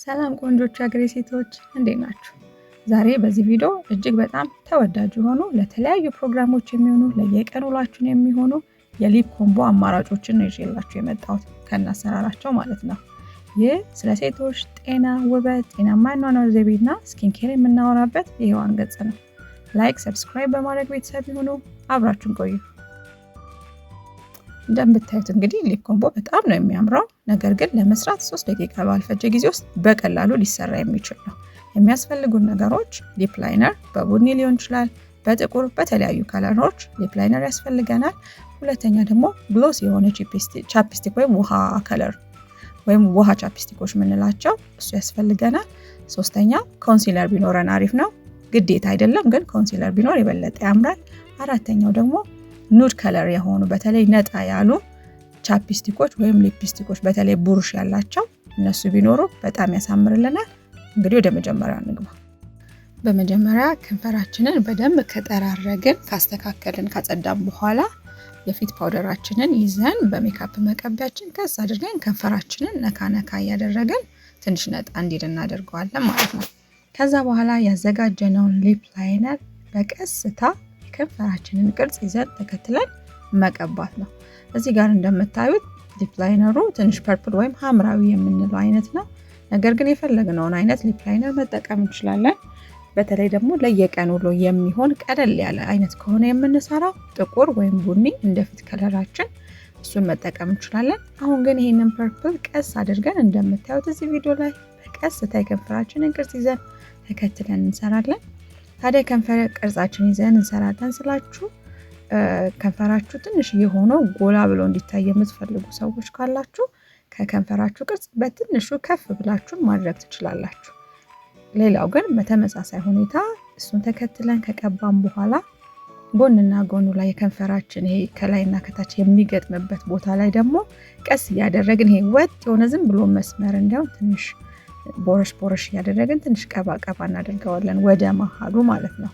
ሰላም ቆንጆች አገሬ ሴቶች እንዴት ናችሁ? ዛሬ በዚህ ቪዲዮ እጅግ በጣም ተወዳጅ የሆኑ ለተለያዩ ፕሮግራሞች የሚሆኑ ለየቀን ውሏችን የሚሆኑ የሊፕ ኮምቦ አማራጮችን ነው ይዤላችሁ የመጣሁት ከናሰራራቸው ማለት ነው። ይህ ስለ ሴቶች ጤና፣ ውበት፣ ጤናማ የአኗኗር ዘይቤና ስኪንኬር የምናወራበት የህዋን ገጽ ነው። ላይክ፣ ሰብስክራይብ በማድረግ ቤተሰብ የሆኑ አብራችሁን ቆዩ። እንደምታዩት እንግዲህ ሊፕ ኮምቦ በጣም ነው የሚያምረው። ነገር ግን ለመስራት ሶስት ደቂቃ ባልፈጀ ጊዜ ውስጥ በቀላሉ ሊሰራ የሚችል ነው። የሚያስፈልጉን ነገሮች ሊፕ ላይነር በቡኒ ሊሆን ይችላል፣ በጥቁር በተለያዩ ከለሮች ሊፕ ላይነር ያስፈልገናል። ሁለተኛ ደግሞ ግሎስ የሆነ ቻፕስቲክ ወይም ውሃ ከለር ወይም ውሃ ቻፕስቲኮች የምንላቸው እሱ ያስፈልገናል። ሶስተኛ ኮንሲለር ቢኖረን አሪፍ ነው። ግዴታ አይደለም ግን ኮንሲለር ቢኖር የበለጠ ያምራል። አራተኛው ደግሞ ኑድ ከለር የሆኑ በተለይ ነጣ ያሉ ቻፕስቲኮች ወይም ሊፕስቲኮች በተለይ ቡሩሽ ያላቸው እነሱ ቢኖሩ በጣም ያሳምርልናል። እንግዲህ ወደ መጀመሪያው እንግባ። በመጀመሪያ ከንፈራችንን በደንብ ከጠራረግን ካስተካከልን ካጸዳም በኋላ የፊት ፓውደራችንን ይዘን በሜካፕ መቀቢያችን ከስ አድርገን ከንፈራችንን ነካ ነካ እያደረግን ትንሽ ነጣ እንዲል እናደርገዋለን ማለት ነው። ከዛ በኋላ ያዘጋጀነውን ሊፕ ላይነር በቀስታ የከንፈራችንን ቅርጽ ይዘን ተከትለን መቀባት ነው። እዚህ ጋር እንደምታዩት ሊፕ ላይነሩ ትንሽ ፐርፕል ወይም ሐምራዊ የምንለው አይነት ነው። ነገር ግን የፈለግነውን አይነት ሊፕ ላይነር መጠቀም እንችላለን። በተለይ ደግሞ ለየቀን ውሎ የሚሆን ቀለል ያለ አይነት ከሆነ የምንሰራው ጥቁር ወይም ቡኒ እንደፊት ከለራችን እሱን መጠቀም እንችላለን። አሁን ግን ይህንን ፐርፕል ቀስ አድርገን እንደምታዩት እዚህ ቪዲዮ ላይ በቀስታ የከንፈራችንን ቅርጽ ይዘን ተከትለን እንሰራለን። ታዲያ ከንፈር ቅርጻችን ይዘን እንሰራለን ስላችሁ ከንፈራችሁ ትንሽ የሆነው ጎላ ብሎ እንዲታይ የምትፈልጉ ሰዎች ካላችሁ ከከንፈራችሁ ቅርጽ በትንሹ ከፍ ብላችሁ ማድረግ ትችላላችሁ። ሌላው ግን በተመሳሳይ ሁኔታ እሱን ተከትለን ከቀባም በኋላ ጎንና ጎኑ ላይ የከንፈራችን ይሄ ከላይና ከታች የሚገጥምበት ቦታ ላይ ደግሞ ቀስ እያደረግን ይሄ ወጥ የሆነ ዝም ብሎ መስመር እንዲያውም ትንሽ ቦረሽ ቦረሽ እያደረግን ትንሽ ቀባ ቀባ እናደርገዋለን ወደ መሀሉ ማለት ነው።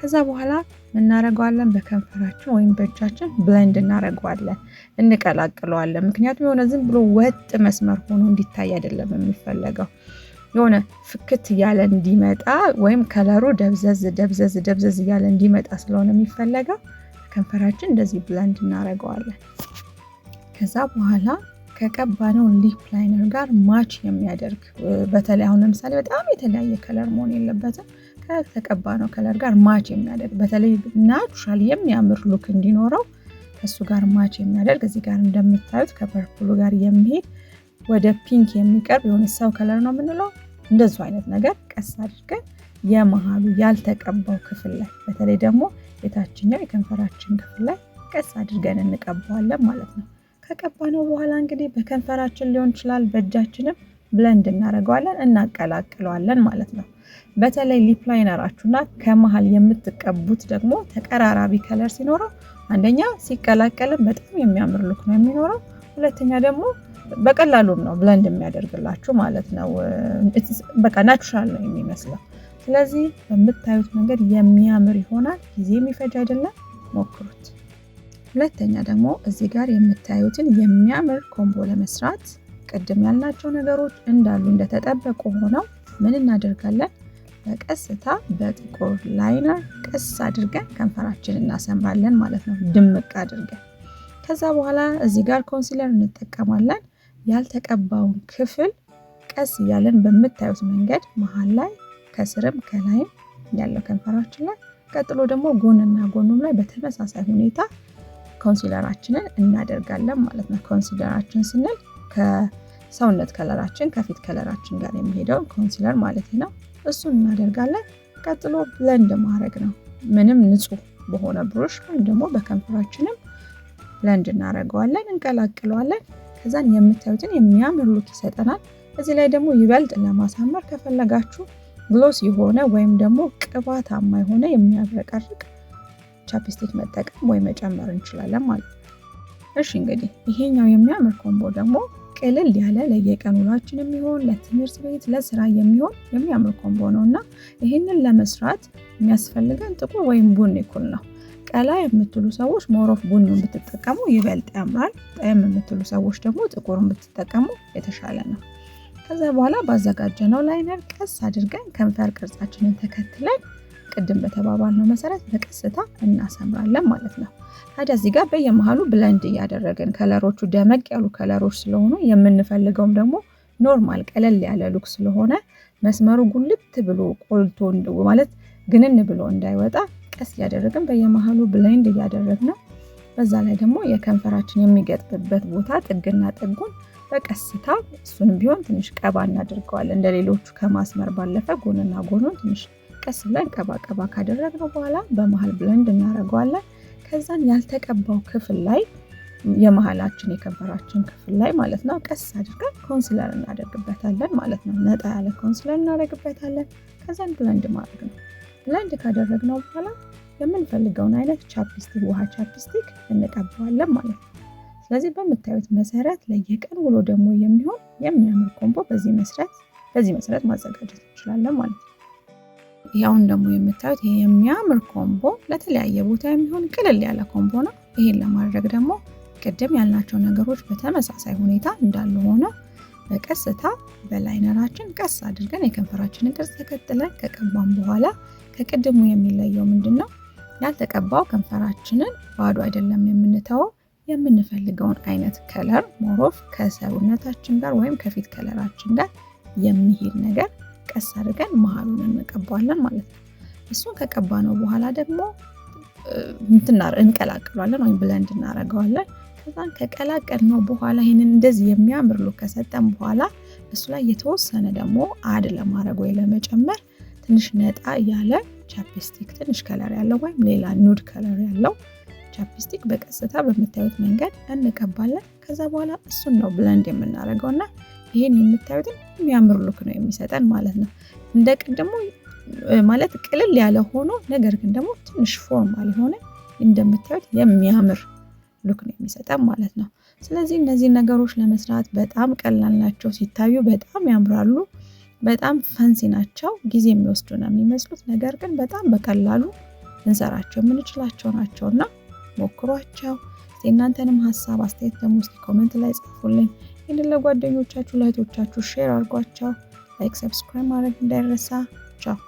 ከዛ በኋላ እናረገዋለን በከንፈራችን ወይም በእጃችን ብለንድ እናረገዋለን፣ እንቀላቅለዋለን። ምክንያቱም የሆነ ዝም ብሎ ወጥ መስመር ሆኖ እንዲታይ አይደለም የሚፈለገው የሆነ ፍክት እያለ እንዲመጣ ወይም ከለሩ ደብዘዝ ደብዘዝ ደብዘዝ እያለ እንዲመጣ ስለሆነ የሚፈለገው ከንፈራችን እንደዚህ ብለንድ እናረገዋለን። ከዛ በኋላ ከቀባነው ሊፕ ላይነር ጋር ማች የሚያደርግ በተለይ አሁን ለምሳሌ በጣም የተለያየ ከለር መሆን የለበትም። ከተቀባነው ከለር ጋር ማች የሚያደርግ በተለይ ናቹራል የሚያምር ሉክ እንዲኖረው ከሱ ጋር ማች የሚያደርግ እዚህ ጋር እንደምታዩት ከፐርፕሉ ጋር የሚሄድ ወደ ፒንክ የሚቀርብ የሆነ ሰው ከለር ነው የምንለው። እንደዚ አይነት ነገር ቀስ አድርገን የመሃሉ ያልተቀባው ክፍል ላይ በተለይ ደግሞ የታችኛው የከንፈራችን ክፍል ላይ ቀስ አድርገን እንቀባዋለን ማለት ነው። ከቀባ ነው በኋላ እንግዲህ በከንፈራችን ሊሆን ይችላል፣ በእጃችንም ብለንድ እናደርገዋለን እናቀላቅለዋለን ማለት ነው። በተለይ ሊፕ ላይነራችሁና ከመሀል የምትቀቡት ደግሞ ተቀራራቢ ከለር ሲኖረው አንደኛ ሲቀላቀልም በጣም የሚያምር ሉክ ነው የሚኖረው። ሁለተኛ ደግሞ በቀላሉም ነው ብለንድ የሚያደርግላችሁ ማለት ነው። በቃ ናቹራል ነው የሚመስለው። ስለዚህ በምታዩት መንገድ የሚያምር ይሆናል። ጊዜ የሚፈጅ አይደለም፣ ሞክሩት። ሁለተኛ ደግሞ እዚህ ጋር የምታዩትን የሚያምር ኮምቦ ለመስራት ቅድም ያልናቸው ነገሮች እንዳሉ እንደተጠበቁ ሆነው ምን እናደርጋለን? በቀስታ በጥቁር ላይነር ቀስ አድርገን ከንፈራችን እናሰምራለን ማለት ነው፣ ድምቅ አድርገን። ከዛ በኋላ እዚህ ጋር ኮንሲለር እንጠቀማለን። ያልተቀባውን ክፍል ቀስ እያለን በምታዩት መንገድ መሀል ላይ ከስርም ከላይም ያለው ከንፈራችን ላይ፣ ቀጥሎ ደግሞ ጎንና ጎኑም ላይ በተመሳሳይ ሁኔታ ኮንሲለራችንን እናደርጋለን ማለት ነው። ኮንሲለራችን ስንል ከሰውነት ከለራችን ከፊት ከለራችን ጋር የሚሄደውን ኮንሲለር ማለት ነው። እሱን እናደርጋለን። ቀጥሎ ብለንድ ማድረግ ነው። ምንም ንጹህ በሆነ ብሩሽ ወይም ደግሞ በከንፈራችንም ብለንድ እናደርገዋለን፣ እንቀላቅለዋለን። ከዛን የምታዩትን የሚያምር ሉክ ይሰጠናል። እዚህ ላይ ደግሞ ይበልጥ ለማሳመር ከፈለጋችሁ ግሎስ የሆነ ወይም ደግሞ ቅባታማ የሆነ የሚያብረቀርቅ ቻፕስቲክ መጠቀም ወይ መጨመር እንችላለን ማለት ነው። እሺ እንግዲህ ይሄኛው የሚያምር ኮምቦ ደግሞ ቅልል ያለ ለየቀን ውሏችን የሚሆን ለትምህርት ቤት ለስራ የሚሆን የሚያምር ኮምቦ ነው እና ይህንን ለመስራት የሚያስፈልገን ጥቁር ወይም ቡኒ ኩል ነው። ቀላ የምትሉ ሰዎች ሞሮፍ ቡኒውን ብትጠቀሙ ይበልጥ ያምራል። ጠየም የምትሉ ሰዎች ደግሞ ጥቁርን ብትጠቀሙ የተሻለ ነው። ከዛ በኋላ ባዘጋጀነው ላይነር ቀስ አድርገን ከንፈር ቅርጻችንን ተከትለን ቅድም በተባባልነው መሰረት በቀስታ እናሰምራለን ማለት ነው። ታዲያ እዚህ ጋር በየመሃሉ ብለንድ እያደረግን ከለሮቹ ደመቅ ያሉ ከለሮች ስለሆኑ የምንፈልገውም ደግሞ ኖርማል ቀለል ያለ ሉክ ስለሆነ መስመሩ ጉልት ብሎ ቆልቶ ማለት ግንን ብሎ እንዳይወጣ ቀስ እያደረግን በየመሃሉ ብለንድ እያደረግ ነው። በዛ ላይ ደግሞ የከንፈራችን የሚገጥብበት ቦታ ጥግና ጥጉን በቀስታ እሱንም ቢሆን ትንሽ ቀባ እናድርገዋለን። እንደሌሎቹ ከማስመር ባለፈ ጎንና ጎኑን ትንሽ ቀስ ብለን ቀባቀባ ካደረግነው በኋላ በመሀል ብለንድ እናደርገዋለን። ከዛን ያልተቀባው ክፍል ላይ የመሀላችን የከንፈራችን ክፍል ላይ ማለት ነው ቀስ አድርገን ኮንስለር እናደርግበታለን ማለት ነው። ነጣ ያለ ኮንስለር እናደርግበታለን። ከዛን ብለንድ ማድረግ ነው። ብለንድ ካደረግነው በኋላ የምንፈልገውን አይነት ቻፕስቲክ ውሃ ቻፕስቲክ እንቀባዋለን ማለት ነው። ስለዚህ በምታዩት መሰረት ለየቀን ውሎ ደግሞ የሚሆን የሚያምር ኮምቦ በዚህ መሰረት በዚህ መሰረት ማዘጋጀት እንችላለን ማለት ነው። ይኸውን ደግሞ የምታዩት ይሄ የሚያምር ኮምቦ ለተለያየ ቦታ የሚሆን ቅልል ያለ ኮምቦ ነው። ይሄን ለማድረግ ደግሞ ቅድም ያልናቸው ነገሮች በተመሳሳይ ሁኔታ እንዳሉ ሆነው በቀስታ በላይነራችን ቀስ አድርገን የከንፈራችንን ቅርጽ ተከትለን ከቀባን በኋላ ከቅድሙ የሚለየው ምንድን ነው? ያልተቀባው ከንፈራችንን ባዶ አይደለም የምንተወው የምንፈልገውን አይነት ከለር ሞሮፍ ከሰውነታችን ጋር ወይም ከፊት ከለራችን ጋር የሚሄድ ነገር ቀስ አድርገን መሀሉን እንቀባዋለን ማለት ነው። እሱን ከቀባ ነው በኋላ ደግሞ እንቀላቅሏለን ወይም ብለንድ እናደርገዋለን። ከዛን ከቀላቀል ነው በኋላ ይህንን እንደዚህ የሚያምር ሉክ ከሰጠን በኋላ እሱ ላይ የተወሰነ ደግሞ አድ ለማድረግ ወይ ለመጨመር ትንሽ ነጣ ያለ ቻፕስቲክ ትንሽ ከለር ያለው ወይም ሌላ ኑድ ከለር ያለው ቻፕስቲክ በቀስታ በምታዩት መንገድ እንቀባለን። ከዛ በኋላ እሱን ነው ብለንድ የምናደርገው እና ይሄን የምታዩትን የሚያምር ሉክ ነው የሚሰጠን ማለት ነው። እንደ ቅድሙ ማለት ቅልል ያለ ሆኖ ነገር ግን ደግሞ ትንሽ ፎርማል የሆነ እንደምታዩት የሚያምር ሉክ ነው የሚሰጠን ማለት ነው። ስለዚህ እነዚህ ነገሮች ለመስራት በጣም ቀላል ናቸው። ሲታዩ በጣም ያምራሉ። በጣም ፈንሲ ናቸው። ጊዜ የሚወስዱ ነው የሚመስሉት፣ ነገር ግን በጣም በቀላሉ ልንሰራቸው የምንችላቸው ናቸው እና ሞክሯቸው። እናንተንም ሀሳብ አስተያየት ደግሞ እስኪ ኮመንት ላይ ጽፉልኝ። ይህንን ለጓደኞቻችሁ ለእህቶቻችሁ ሼር አድርጓቸው። ላይክ፣ ሰብስክራይብ ማድረግ እንዳይረሳ። ቻው